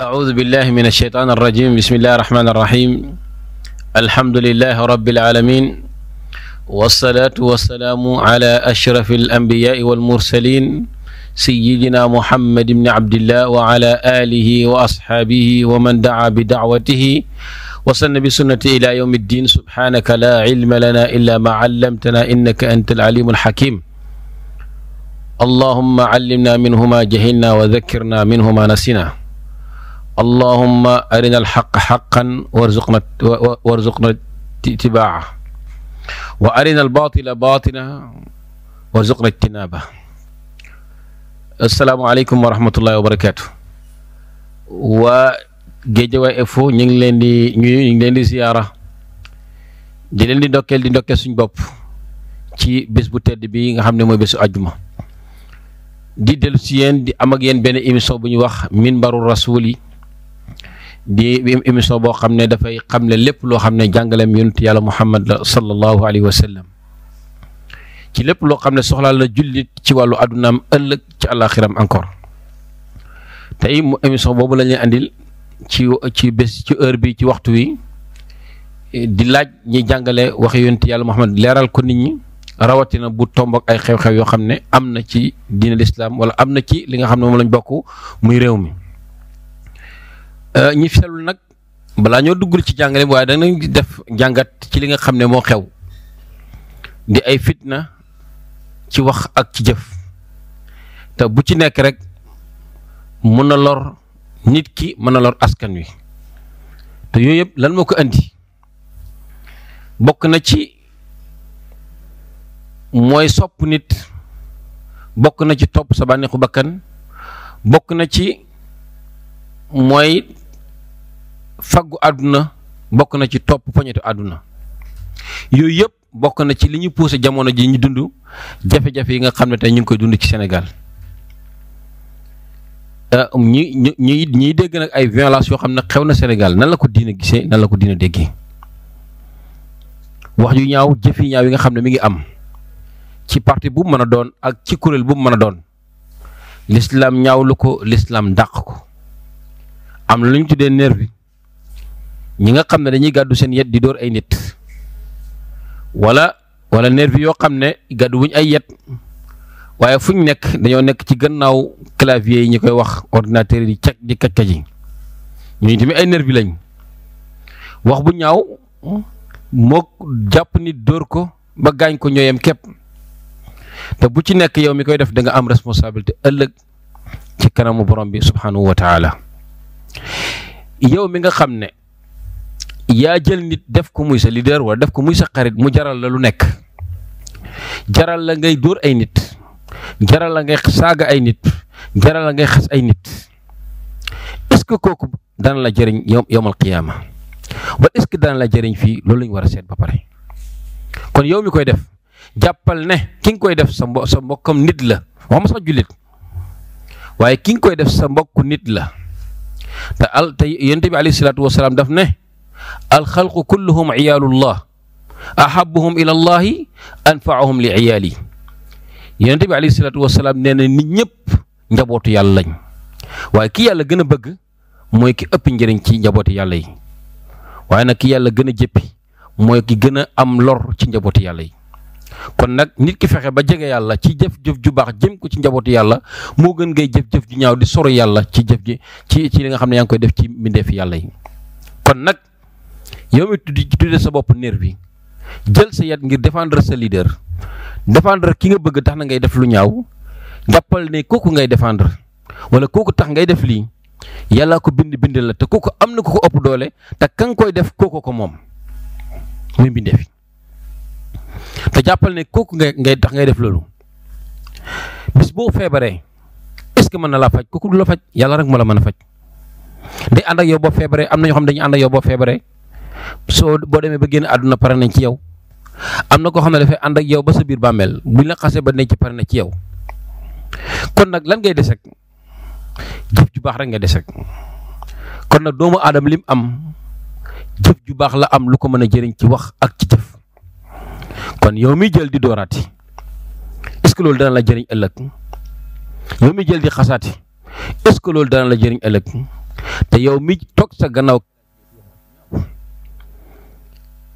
أعوذ بالله من الشيطان الرجيم بسم الله الرحمن الرحيم الحمد لله رب العالمين والصلاة والسلام على أشرف الأنبياء والمرسلين سيدنا محمد بن عبد الله وعلى آله وأصحابه ومن دعا بدعوته وصلنا بسنة إلى يوم الدين سبحانك لا علم لنا إلا ما علمتنا إنك أنت العليم الحكيم اللهم علمنا منهما جهلنا وذكرنا منهما نسينا allahumma arina alxaq xaqan warzuqna warzuqna tibaa wa arina albatila batina warzuqna ijtinaaba asalaamaaleykum wa rahmatullahi wa barakaatu waa Guédiawaye Infos ñu ngi leen di ñu ngi leen di ziyaara di leen di ndokkeel di ndokkeel suñ bopp ci bés bu tedd bi nga xam ne mooy bésu àjjuma di dellu si yéen di am ak yéen benn émission bu ñuy wax minbaru rasul yi di émission boo xam ne dafay xam ne lépp loo xam ne jàngaleem yonent yàlla muhammad la sallallahu alayhi wa sallam ci lépp loo xam ne soxlaal la jullit ci wàllu àddunaam ëllëg ci àllaaxiram encore tey mu émission boobu la ñuy ci ci bés ci heure bi ci waxtu wi di laaj ñi jàngale waxe yonent yàlla muhammad leeral ko nit ñi rawatina bu tomb ay xew-xew yoo xam ne am na ci diine lislaam wala am na ci li nga xam ne moom lañ bokk muy réew mi Euh, ñi felul nak bala ñoo duggul ci jàngale waaye nañ def jàngat ci li nga xam ne xew di ay fitna ci wax ak ci jëf te bu ci nekk rek mën na lor nit ki mën na lor askan wi te yooyu yëpp lan moo ko andi bokk na ci mooy sopp nit bokk na ci topp sa bànneexu bakkan na ci mooy faggu àdduna bokk na ci topp poñetu àdduna yooyu yëpp bokk na ci li ñu poussé jamono ji ñu dund jafe-jafe yi nga xam ne tey ñu ngi koy dund ci Sénégal euh, ñi ñi ñiy dégg nag ay violence yoo xam ne xew na Sénégal nan la ko diina gisee nan la ko diina déggee wax yu ñaaw jëf yu ñaaw yi nga xam ne mi ngi am ci parti bu mën a doon ak ci kuréel bu mën a doon l'islam ñaawlu ko l'islam dàq ko am lu ñu tuddee nervi ñi nga xam ne dañuy gàddu seen yet di dóor ay nit wala wala nervi yoo xam ne gàddu wuñ ay yet waaye fu nekk dañoo nekk ci gannaaw clavier yi ñu koy wax ordinateur yi cag di kaj ji ñooñu tamit ay nervi lañ wax bu ñaaw moo jàpp nit dóor ko ba gaañ ko ñooyam képp te bu ci nekk yow mi koy def danga am responsabilité ëllëg ci kanamu borom bi subhanahu wa taala mi nga xam ne Ya jël nit def ko muy sa leader wala def ko muy sa xarit mu jaral la lu nekk jaral la ngay dur ay nit jaral la ngay saaga ay nit jaral la ngay xass ay nit est-ce koku dan la yom yomal qiyamah wa est-ce dan la jëriñ fi loolu lañu wara ba pare kon yow mi koy def jappal ne ki koy def sa mbok sa mbokkam nit la waxuma sax jullit waaye ki nga koy def sa mbok nit la ta al ta yonent bi alayhi salaatu wasalaam daf ne alxalqu kulluhum ciyaalullah ahabuhum ila allahi anfaahum li ciyaali yonente bi alayhi salaatu wasalaam nee na nit ñëpp njabootu yàlla lañ waaye ki yàlla gën a bëgg mooy ki ëpp njëriñ ci njabootu yàlla yi waaye nag ki yàlla gën a jëppi mooy ki gën a am lor ci njabootu yàlla yi kon nag nit ki fexe ba jege yàlla ci jëf-jëf ju baax jëm ko ci njabootu yàlla moo gën ngay jëf-jëf ju ñaaw di soro yàlla ci jëf ji ci ci li nga xam ne yaa ngi koy def ci mbindeefi yàlla yi kon nag yow it di di sa jel bi jël sa yat ngir défendre sa leader défendre ki nga bëgg tax na ngay def lu ñaaw jàppal ne koku ngay défendre wala koku tax ngay def li yalla ko bind bind la te koku amna koku upp doole koy def koku ko mom muy bindé fi te jappal ne koku ngay ngay tax ngay def lolu bis bo feebaree est ce que man la laa faj kooku du la faj yalla rek mo la mën day and ak yow bo amna ñu xam dañu and ak yow bo soo boo demee ba génne àdduna pare nañ ci yow am na koo xam ne dafay ànd ak yow ba sa biir bàmmeel buñ la xasee ba ci pare na ci yow kon nag lan ngay des ak jëf ju baax rek nga des kon nag doomu aadama lim am jëf ju baax la am lu ko mën a jëriñ ci wax ak ci jëf kon yow miy jël di dooraati est que loolu dana la jëriñ ëllëg yow mi jël di xasaati est-ce que loolu dana la jëriñ ëllëg te yow mi toog sa gannaaw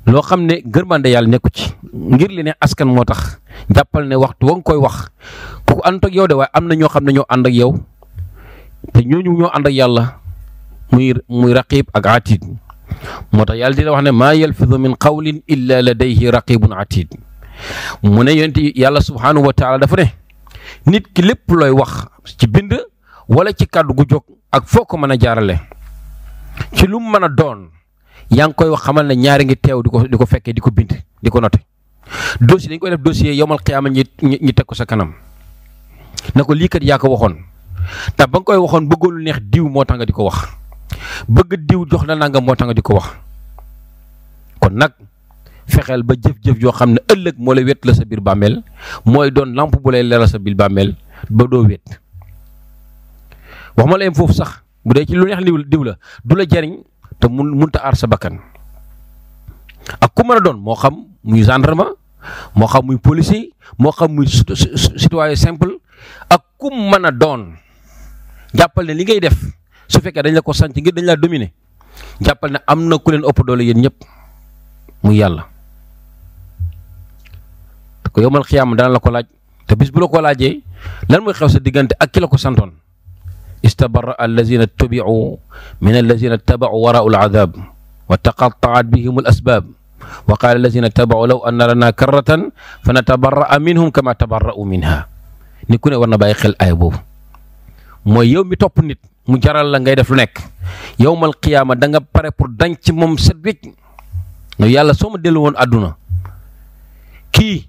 loo xam ne gërmande yàlla nekku ci ngir li ne askan moo tax jàppal ne waxtu wa koy wax ku ànd ak yow de waaye am na ñoo xam ne ñoo ànd ak yow te ñooñu ñoo ànd ak yàlla muy muy raqib ak atid moo tax yàlla di la wax ne maa yalfidu min qawlin illa ladayhi raqibun atid mu ne yent yàlla subhaanahu wa taala dafa ne nit ki lépp looy wax ci bind wala ci kàddu gu jóg ak foo ko mën a jaarale ci lu mu mën a doon yaa ngi koy wax xamal ne ñaari ngi teew di ko di ko fekkee di ko bind di ko noté dossier dañ koy def dossier yomal xiyaama ñi ñi teg ko sa kanam na ko lii kat yaa ko waxoon te ba nga koy waxoon bëggoon lu neex diw moo tax nga di ko wax bëgg diw jox la nangam moo tax di ko wax kon nag fexeel ba jëf-jëf joo xam ne ëllëg moo lay wet la sa biir bàmmeel mooy doon lamp bu lay leeral sa biir bàmmeel ba doo wet wax ma la foofu sax bu dee ci lu neex diw la du la jariñ te munta ar sa bakkan ak ku mën a doon moo xam muy gendarme moo xam muy policier moo xam muy citoyen simple ak ku mën a doon jàppal ne li ngay def su fekkee dañ la ko sant ngir dañ la dominer jàppal ne am na ku leen ëpp doole yéen ñëpp muy yàlla ko yowmal xiyaam dana la ko laaj te bis bu la ko laajee lan xew sa diggante ak ki la ko santoon استبرأ الذين اتبعوا من الذين اتبعوا وراء العذاب وتقطعت بهم الأسباب وقال الذين اتبعوا لو أن لنا كرة فنتبرأ منهم كما تبرأوا منها نكون ورنا بايخ الأيبو مو يوم توب نيت مو جارال لا ngay def nek yowmal qiyamah da nga paré pour danc mom set wit no yalla soma delu won aduna ki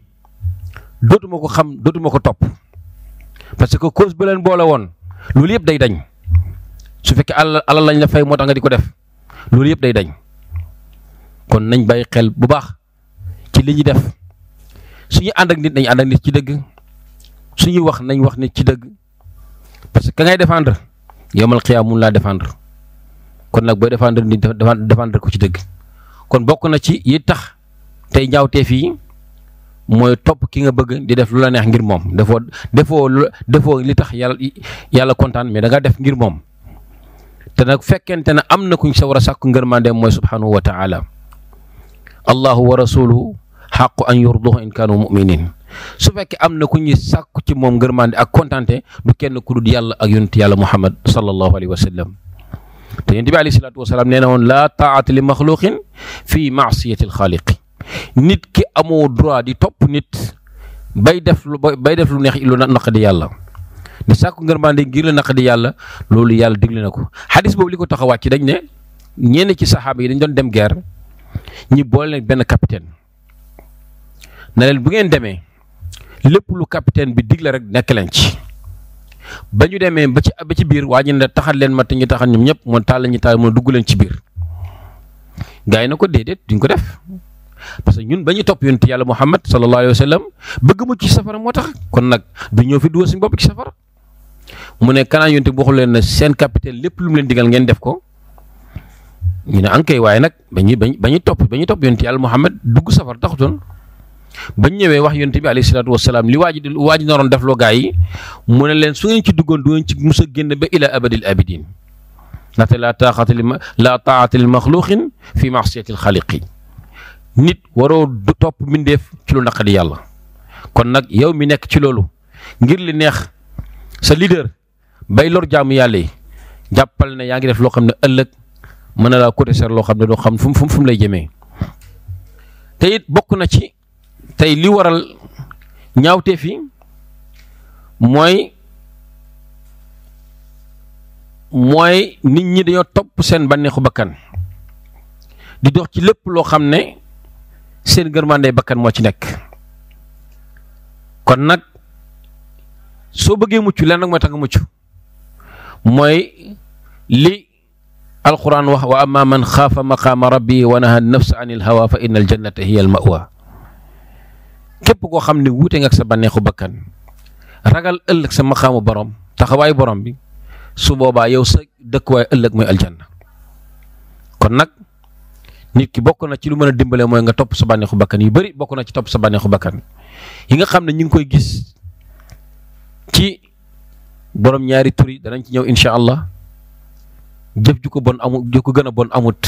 dotumako xam dotumako top loolu yëpp day dañ su fekkee alal alal lañ la fay moo tax nga di ko def loolu yëpp day dañ kon nañ bàyyi xel bu baax ci li ñuy def suñu ànd ak nit nañ ànd nit ci dëgg suñuy wax nañ wax nit ci dëgg parce que ka ngay défendre yomal xiyaam mun laa défendre kon nag booy défendre nit défendre ko ci dëgg kon bokk na ci yi tax tey ñaawteef fii mooy topp ki nga bëgg di def lu la neex ngir moom defoo defoo li tax yàlla yàlla kontaan mais da def ngir moom te nag fekkente ne am na kuñ sa war a sàkku ngërmande mooy subhanahu wa taala allahu wa rasuluhu xaqu an yurduhu in kaanu muminin su fekkee am na ku ñuy ci moom ngërmande ak kontante du kenn ku dul yàlla ak yonent yàlla muhammad sallallahu alayhi wa te yonent bi alayhi salaatu nee na woon laa taata li maxluqin fi maasiyati alxaaliqi nit ki amo droit di top nit bay def lu bay def lu neex lu naqadi yàlla di sàkku ngërmande ngir la nak di yalla lolou yalla digli nako hadith bobu liko taxawat ci a dañ ne ñene ci sahaba yi dañ don dem guerre ñi bol nek ben capitaine na len bu ngeen demé lepp lu capitaine bi digle rek nek len ci bañu ñu ba ci ba ci biir waa ñu ne taxal len mat ñu taxal ñum ñep mo tal ñi tal mo dugg ci biir gay nako dedet duñ ko def parce que ñun ba ñu topp yonent yàlla Muhammad sallallahu alayhi wa sallam bëgg mu ci safara moo tax kon nag du ñëw fi dugal suñu bopp ci safara mu ne kanaan yonent bi waxul na ne seen capitaine lépp lu mu leen digal ngeen def ko ñu ne ankay waaye nag ba ñu ba ñu topp ba ñu topp yonent yàlla Muhammad dugg safara taxutoon bañ ñëwee wax yonent bi alayhi salaatu wasalaam li waa ji di waa ji naroon def mu ne leen su ngeen ci duggoon du ngeen ci mus a génn ba ila abadil abidin ndaxte laa taaxata li laa taata li maxluqin fi maasiyati alxaliqi nit waro du topp mbindeef ci lu nakali yalla kon nak yow mi nek ci lolu ngir li neex sa leader bay lor jamu yalla jappal ne yaa def lo xamne ne ëllëg mën na laa côté ser loo xam do doo xam fum fum fu lay jëmee te it bokk na ci tay li waral ñaawte fi moy moy nit ñi dañu topp seen banexu bakkan di dox ci lepp lo xamne ne seen gërmande bakkan moo ci nekk kon nag soo bëggee mucc lenn nag mooy tax nga mooy li alquran wax wa amma man xaafa maqaama rabbi wa naha nafsa an il hawa fa inna al jannata hiya al mawa koo xam ne wuute nga sa bànneexu bakkan ragal ëllëg sa maqaamu borom taxawaayu borom bi su boobaa yow sa dëkkuwaay ëllëg mooy aljanna kon nag nit ki bokku na ci lu meuna dimbalé dimbale nga top sa banexu bakkan yu bari bokku na ci top sa banexu bakkan yi nga xam ne ngi koy gis ci borom ñaari turi da nañ ci ñew inshallah jëf ju ko bon amut ju ko bon amut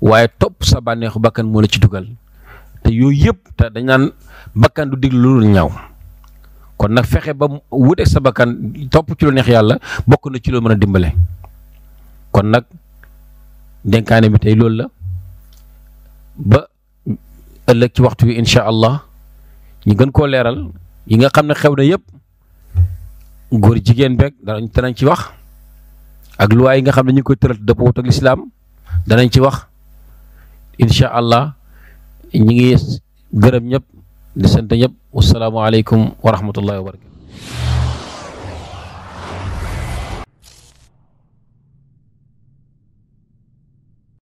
waye top sa banexu bakkan mo la ci duggal te yoy yëpp te dañ nan bakkan du dig lu ñaw kon nak fexé ba wuté sa bakkan top ci lu neex yalla bokku na ci lu meuna dimbalé kon nak dénkaane bi tay loolu la. ba ëllëg ci waxtu wi incha allah ñu gën koo leeral yi nga xam ne xew na yëpp góor jigéen beeg danañ danañ ci wax ak luwaay yi nga xam ne ñu koy tëral dëppoo ak lislaam danañ ci wax incha allah ñi ngi gërëm ñëpp di sant ñëpp wasalaamualeykum wa rahmatullahi wa barakatu